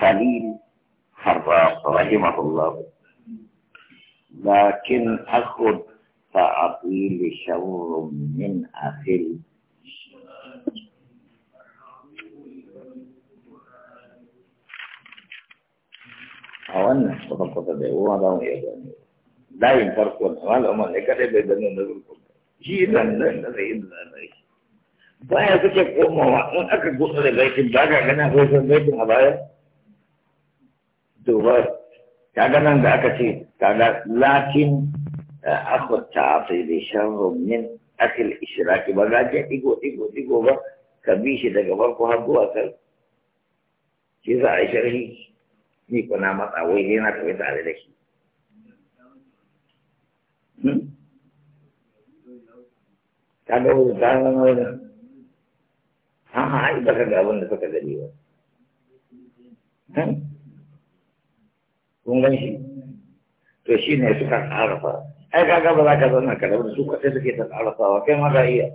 خليل حراق رحمه الله لكن أخذ فأطيل شور من أخيل أولنا صدقة دعوة دعوة يباني دائم فرقون أولا أما نكره بيباني نظركم جيلاً لنظيم لنظيم لنظيم بايا تكي قوم وانا كي قوم لغاية باقا كنا خوصا بيبن أبايا duba kaga nan da aka ce kaga lakin eh, akhwa ta'tili sharru min akil ishraki ba ga je digo digo digo ba ka bi shi daga farko har zuwa kai shi za a sharhi ni kuna matsa wai ne na tafi tare da shi hmm? kaga wani tsarin wani ha ha ga abin da suka gani ba hmm? kun gan shi to shi ne suka ƙarafa ai kaga ba za ka zauna ka rabu da su kwace suke ta ƙarafawa kai ma ka iya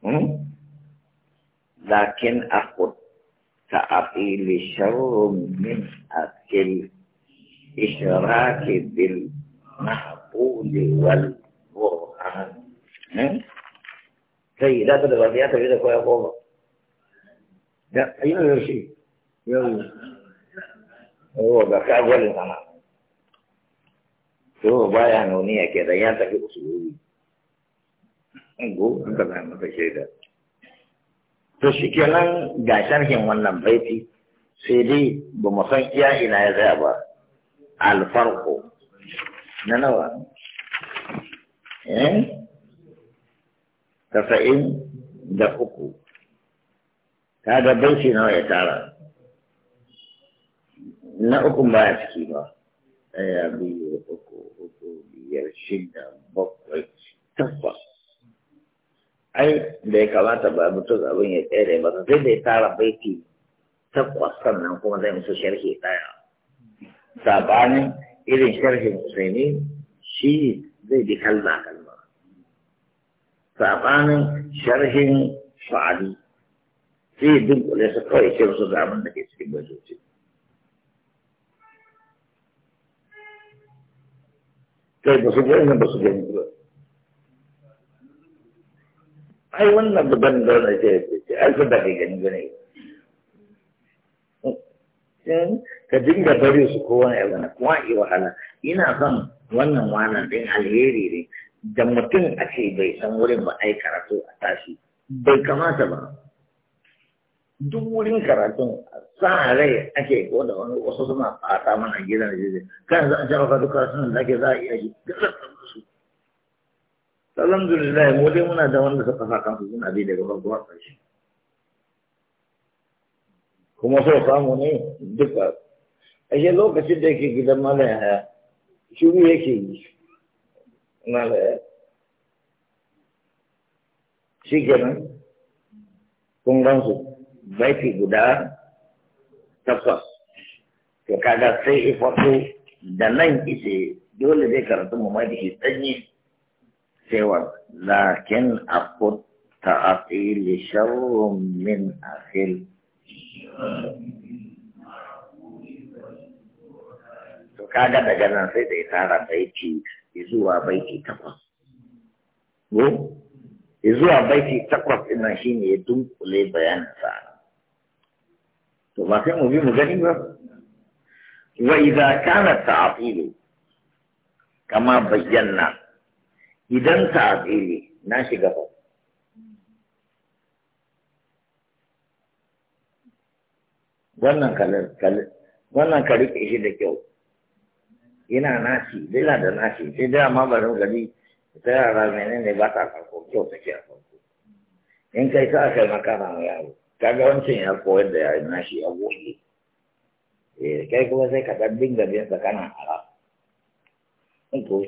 hmm? lakin akut ta'atili sharrun min akil ishraki bil mahbuli wal burhan sai hmm? da ta da ba ya ta da koya ko ba da ayyuka shi yau yau oh, ga kagwalin sana to baya ba ya ke da ya tafi usuluri go an ka zama ta shaida to shi kenan ga sharhin wannan baiti sai dai ba mu san iya na ya tsaya ba alfarko na nawa eh tasa'in da uku kaga baiti nawa ya tara na uku baya ciki ba ɗaya biyu uku uku biyar shida bakwai takwas ai da ya kamata ba mutum abin ya tsere ba sai da ya tara baiti takwas sannan kuma zai musu sharhi ɗaya sabanin irin sharhin musulmi shi zai bi kalma kalma sabanin sharhin fa'ali sai dunkule su kawai ce wasu da da ke cikin bajoci kai ba su gani ba su gani ba ai wannan ban da na ce ai hmm. su da gani gani ka dinga bari su kowa ya na, kuma yi wahala ina son wannan wannan din alheri ne da mutum a ce bai san wurin ba ai karatu a tashi bai kamata ba duk wurin karatun sa rai ake ko wani wasu suna fata mana gidan jirgin kan za a jarraba duka sunan da ake za a iya yi su alhamdulillah mu dai muna da wanda suka sa kansu suna bi daga farko a ƙarshe kuma so samu ne duka ashe lokacin da yake gidan malaya shiru yake yi malaya shi kenan kun gan su baiti guda takwas to kaga sai ifato da nan ise dole zai karatu mu mai da tsanyi cewa lakin akut ta'atili sharrun min akhil to kaga daga nan sai da itara baiti zuwa baiti takwas ko zuwa baiti takwas ina nan shine ya dunkule bayanin sa to ba sai mu bi mu gani ba wa idza kana ta'til kama bayyana idan ta'til na shiga ba wannan kalar wannan ka rike shi da kyau Ina nashi yana da nashi sai da ma barin gari ta yara menene ba ta farko kyau take a farko in kai ka aka yi makara ma yaro kaga wancan ya koyar da yayin nashi ya goge eh kai kuma sai ka dan dinga kana arab eh, to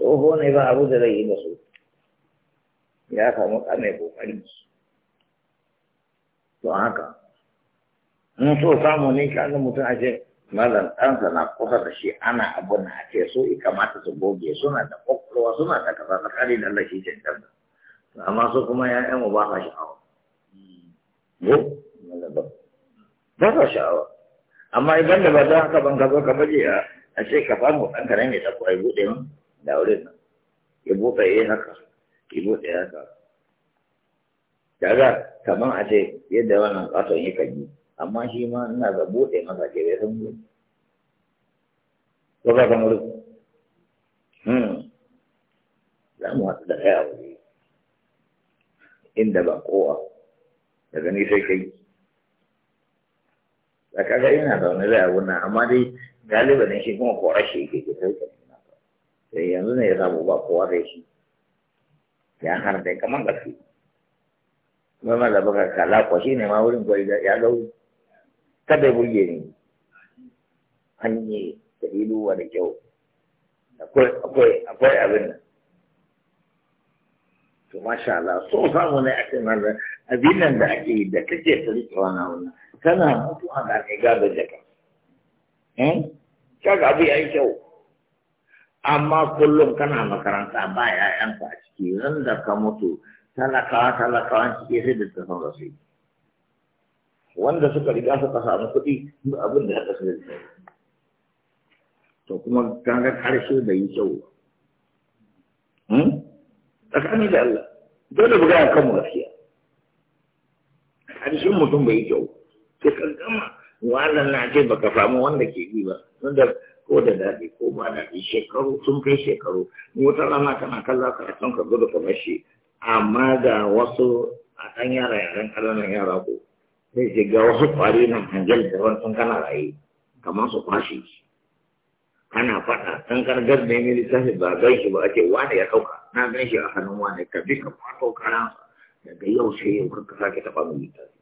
tsoho ne ba abu da zai da su ya samu kame kokari to haka in so samu ne kaga mutum a ce malam ɗansa na kusa da shi ana abin a ce so i kamata suna da kwakwalwa suna da kasa tsakani da lashi cancan amma ko malaba ba ka sha'awa amma idan da ba za ka ban ka zo ka baje a ce ka famu ɗan ka ne ta kuwa ya buɗe min da wurin nan ya buɗe ya haka ya buɗe ya haka kaga kamar a ce yadda wannan ƙaton yakan yi amma shi ma ina ga buɗe masa ke bai san buɗe Baga kan wuri. Za mu haɗu da ɗaya wuri. Inda ba kowa. daga ni sai kai da kaga ina da wani zai abun amma dai ne shi kuma korar shi yake ke sauke na ba sai yanzu ne ya samu ba kowa da shi ya har dai kamar su kuma ma da baka kala ko shi ne ma wurin gwai ya ga kada ya burge ni hanye da wani da kyau akwai abin nan to masha Allah so samu ne a cikin nan abin nan da ake yi da kake ta na wannan kana mutuwa da kai da jaka eh kaga abin yayi kyau amma kullum kana makaranta ba ƴaƴanka a ciki Nan da ka mutu talakawa talakawa ciki sai da tafan rasu wanda suka riga suka samu kuɗi abin da haka to kuma kaga karshe bai yi kyau ba hmm? tsakani da Allah dole buga ya kanmu gaskiya harshen mutum bai kyau sai ka gama wannan na ce baka samu wanda ke yi ba wanda ko da dadi ko ba daɗi shekaru sun kai shekaru wata rana kana kalla san ka gudu ka mashi amma ga wasu a ɗan yara yaran ƙananan yara ko sai ce ga wasu ƙwari nan hanjar da wani sun kana raye kamar su kwashe kana faɗa ɗan kargar da ya littafi ba gan ba ake wani ya ɗauka na gan a hannun wani ka bi ka kwato karan daga yau sai yau ka sake taɓa mu littafi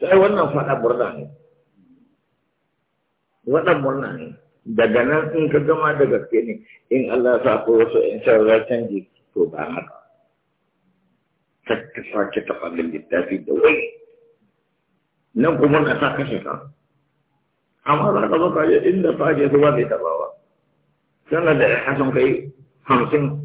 sai wannan faɗa murna ne wannan murna ne daga nan in ka gama da gaske ne in Allah sa ko wasu in sharar canji to ba haka ka sake taɓa min littafi da wai nan kuma na sa kashe ka amma za ka zo ka je inda fa je zuwa bai taɓa ba sannan da ya hasan kai hamsin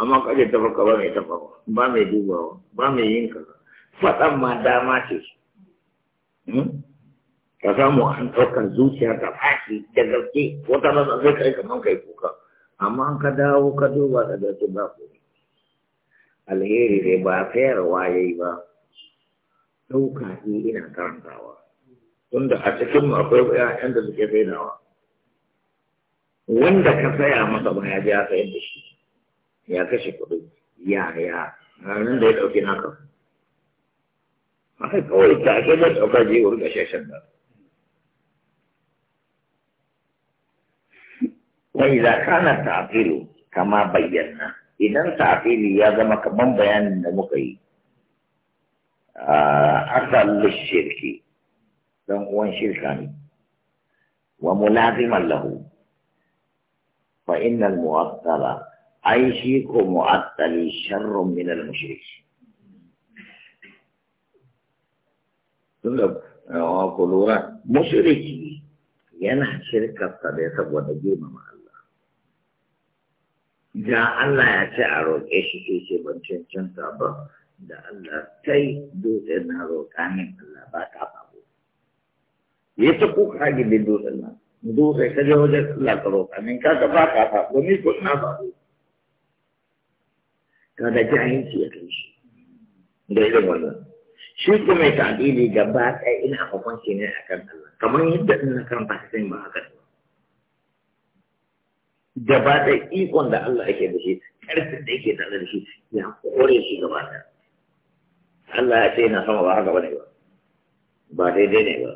amma kaje ta farka ba mai tafawa ba mai dubawa ba mai yin kaza faɗan ma dama ce hmm? ka samu an ɗaukar zuciya ta fashi da gaske wata rasa zai kai kamar kai kuka amma an ka dawo ka duba da gaske ba ku alheri dai ba sayarwa waye ba ɗauka ni ina karantawa tunda a cikinmu akwai ƴaƴan da suke saidawa wanda ka saya masa ba ya je sayar da shi ya kashe kuɗi ya ya ranar da ya ɗauki haka haka kawai ta ake da ɗauka je wurin gashashen da wai za kana tafilu kama bayyana idan tafili ya zama kaman bayanin da muka yi asal shirki dan uwan shirka ne wa mulaziman lahu fa innal muwassala ai shi ko mu'attali sharrun min al-mushriki tunda ku lura mushriki yana shirkarsa da saboda girmama Allah da Allah ya ce a roƙe shi ke ce ban cancanta ba da Allah sai dutse na roƙa min Allah ba ka babu ya ta kuka gidi dutsen na, dutse ka je wajen Allah ka roƙa min ka ka ba ka babu ni ko na babu kada jahilci ya kai shi da irin wannan shi ko mai ta'adili gaba ɗaya ina hukunci ne kan Allah kamar yadda na karanta ka sai ba haka gaba ɗaya ikon da Allah yake da shi ƙarfin da yake tare da shi ya kore shi gaba ɗaya Allah ya ce yana sama ba haka bane ba ba daidai ne ba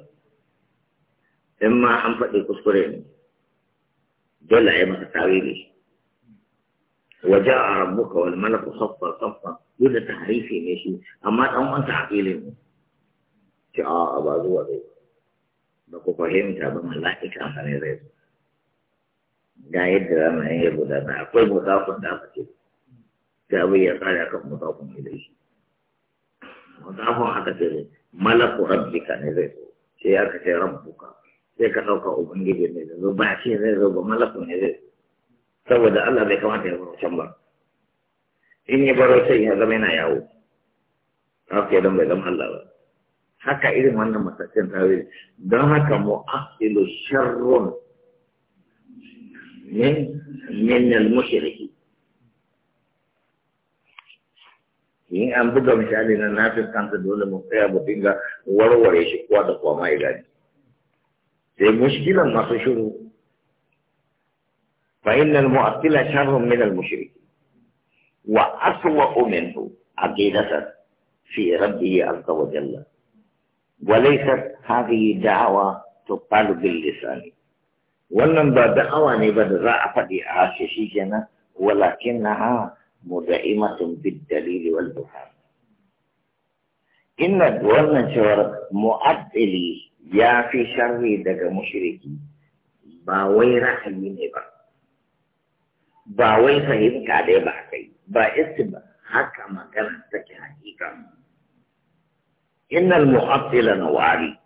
in ma an faɗi kuskure ne dole a yi masa tawili وجاء ربك والملك صفا صفا يقول تحريفي ماشي اما دان وان تعقيل ان شاء الله بعد وقت بكو فهم تابع ملائكه ما نريد ga yadda za mu yi gudana akwai mutafin da aka ce ta ya tsara kan mutafin da shi mutafin aka ce ne malaku rabbika ne zai zo sai aka ce rabbuka sai ka ɗauka ubangiji ne ba shi zai zo ba malaku ne saboda Allah bai kamata ya baro can ba in ya baro sai ya zama yana yawo haka don bai zama Allah ba haka irin wannan matakin tare don haka mu'aqilu sharrun min min al-mushriki in an buga misali na nafin ta dole mu tsaya mu dinga warware shi kuwa da kuwa ma gani sai mushkilan masu shuru. فإن المؤصل شر من المشرك وأسوأ منه عقيدة في ربه عز وجل وليست هذه دعوة تقال باللسان ولم دعوة نبد رأفة جنا ولكنها مدائمة بالدليل والبرهان إن دولنا شوار مؤدلي يا في شر دك مشركي باوي رحمي نبدا ba wai fahimta dai ba kai ba ba haka magana take hakika innal mu'attila nawari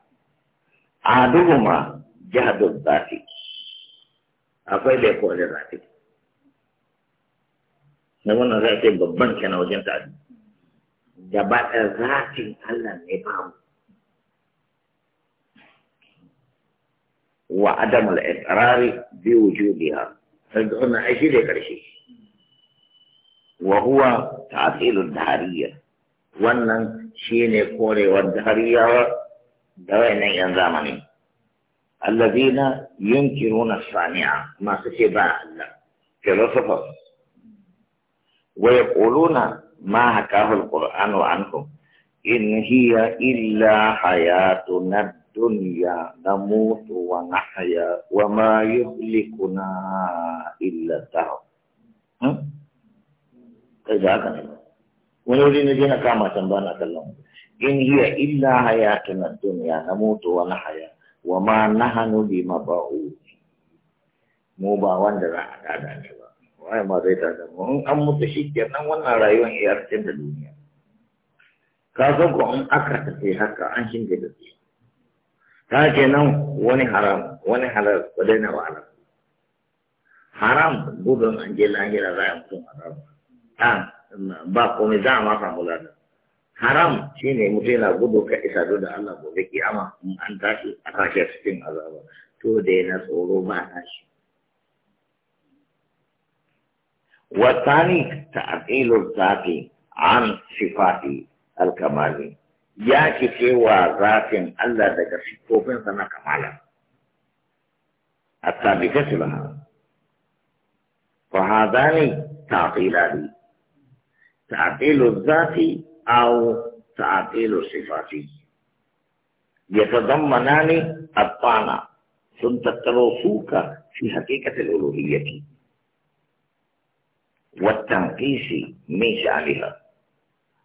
aduhuma jahdul zati akwai bai kore zati na wannan za ta babban kana wajen ta gaba da zatin Allah ne babu wa adamul iqrari bi wujudiha sai da wannan ai shi karshe wahuwa huwa ta'tilul dahariya wannan shine korewar dahariyawa da wayannan yan zamani allazina yunkiruna sami'a masu ce ba Allah philosophers wa yaquluna ma hakahu alqur'anu anhum in hiya illa hayatuna الدنيا na ونحيا وما يهلكنا إلا الدهر إذا kama ونولي نجينا كما تنبانا كلهم إن هي إلا حياتنا الدنيا نموت ونحيا وما نحن بمبعوث mu ba wanda za a tada ne ba wai ma zai tada hmm, mu in an mutu shi kenan wannan rayuwar iyarcin da duniya ka san ko in aka tafi haka an shinge da shi ka nan wani haram wani halal ku daina wa haram haram gudun an je lahira za a mutum haram ɗan ba komai za a ma samu lada haram Shi ne mutum yana gudu ka isa da Allah gobe kiyama in an tashi a tashi cikin azaba to daina tsoro ba tashi والثاني تعطيل an عن al الكمال ya fice wa zafin Allah daga siffofinsa na kamala hatta bi kasbaha fa hadani ta'tilani ta'tilu dhati Ya ta'tilu sifati yatadammanani at-tana sun tattaro suka fi haqiqati al wata wa at-tanqisi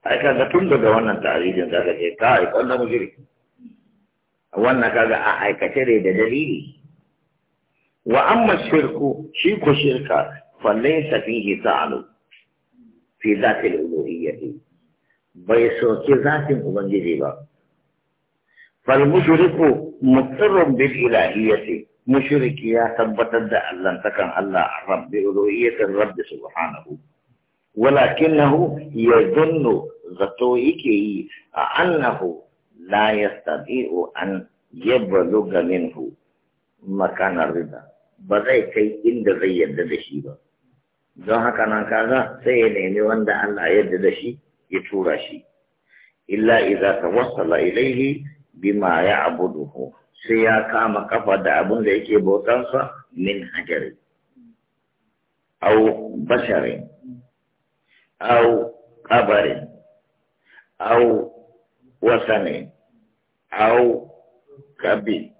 ai kaga tun daga wannan tarihin da kake ta ai kwallon mujiri wannan kaga a aikace ne da dalili wa amma shirku shi ko shirka fa laysa fihi ta'alu fi dhati al-uluhiyyah bai soki zatin ubangiji ba fal mushriku muqirrun bil ilahiyyah mushriki ya tabbatar da Allah takan Allah rabbi uluhiyyatir rabbi subhanahu ولكنه يظن zato yake yi a annahu la yastati'u an yablugha minhu makanar rida ba zai kai inda zai yarda da shi ba don haka nan kaga sai ya nemi wanda Allah yadda da shi ya tura shi illa idza tawassala ilayhi bima ya'buduhu sai ya kama kafa da abin da yake bautansa min hajari au basharin أو قبر أو وثن أو كبي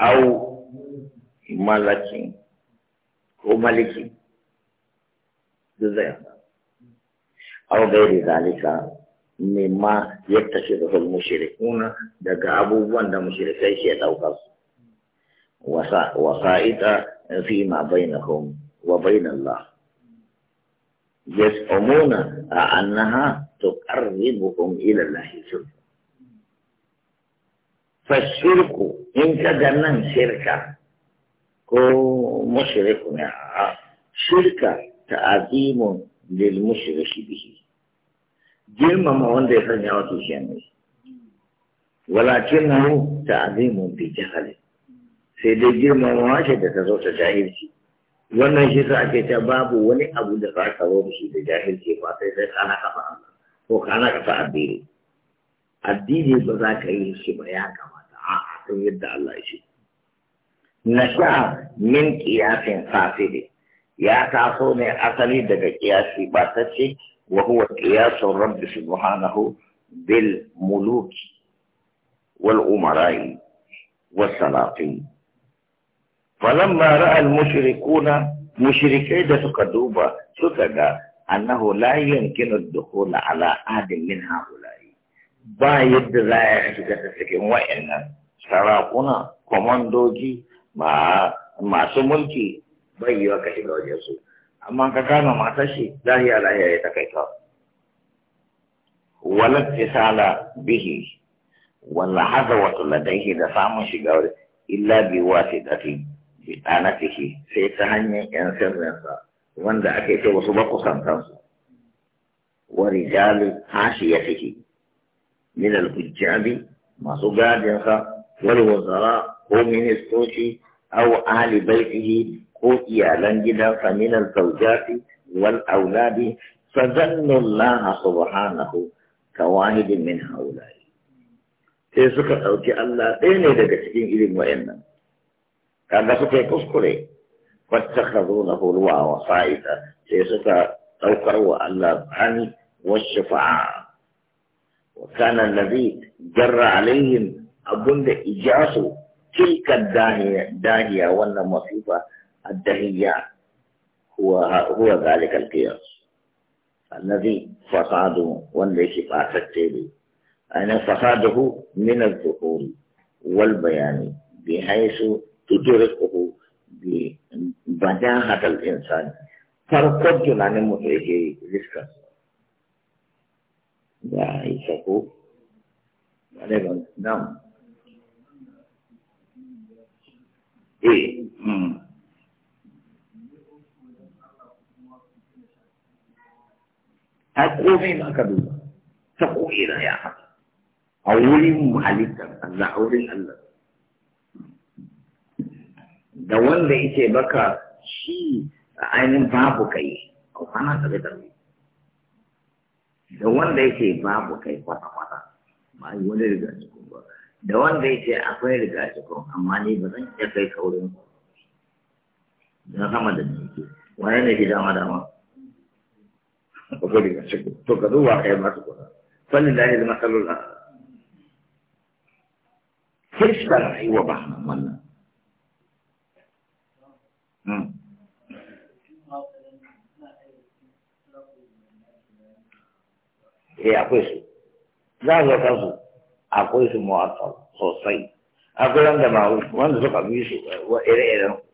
أو ملك أو ملك أو غير ذلك مما يتخذه المشركون دقى أبوان دا مشركي شيء توقف وسائط فيما بينهم وبين الله yas'umuna annaha tuqarribuhum ila allahi zulf fa shirku in ka gannan shirka ko mushriku ne shirka ta'zimun lil mushriki bihi girma ma wanda ya sanya wa tushen ne walakin hu ta'zimun bi jahali sai dai girma ma da ta zo ta jahilci wannan shi sa ake ta babu wani abu da za ka zo shi da jahilci ba sai sai kana kafa Allah ko kana kafa addini addini ba za ka yi shi ba ya kamata a a yadda Allah ya shi nasha min qiyasin ne ya taso ne asali daga qiyasi ba ta ce wa huwa qiyasu rabbi subhanahu bil muluki wal umara'i was salatin falamma ra'al mushrikuna mushrikai da suka duba suka ga annahu la yumkinu ad-dukhul ala ahadin min ha'ula'i ba yadda za a shiga ta cikin wayannan. sarakuna komandoji ma masu mulki bai yi ka shiga wajen su amma ka gano matar shi lahiya lahiya ya takaita wala tisala bihi wala hadawatu ladaihi da samun shiga illa bi wasidati bidanatihi sai ta hanyar yan sirrinsa wanda ake ce wasu ba kusantansu wa rijalu hashiyatihi min al-hujjabi masu gadinsa wal wazara ko ministoci aw bai baitihi ko iyalan gidansa min al-zawjati wal auladi fazannu Allah subhanahu kawahidin min haulai sai suka ɗauki Allah ɗaya ne daga cikin irin wayannan كان لك في قصكري فاتخذونه الواء وصائدة ليست توقعوا على الضحن والشفعاء وكان النبي جر عليهم أبن إجاسوا تلك الداهية داهية وأن مصيفة الدهية هو, ذلك القياس الذي فصاده والذي شفاء تكتبه أن فصاده من الظهور والبيان بحيث تدركه ببداهة الإنسان فرقد جنان مؤيه رزقا يا عيسى نعم إيه komai ba ka duba ta ko'ina ya haka a wurin halittar Allah a wurin Allah da wanda yake baka shi a ainihin babu kai kwana tafi tafi da wanda yake babu kai kwata-kwata ba yi wani riga cikin ba da wanda yake akwai riga cikin amma ne ba zan iya kai kaurin ba na sama da ne ke waye ne ke dama dama akwai riga cikin to ka zuwa kai masu kuma fannin da ya zama salula sai Kirista ta rayuwa ba wannan Hmm. Eh akwai su, za a zaka su akwai su mu'assal sosai, akwai wanda ma wanda suka bi su wa ire-iren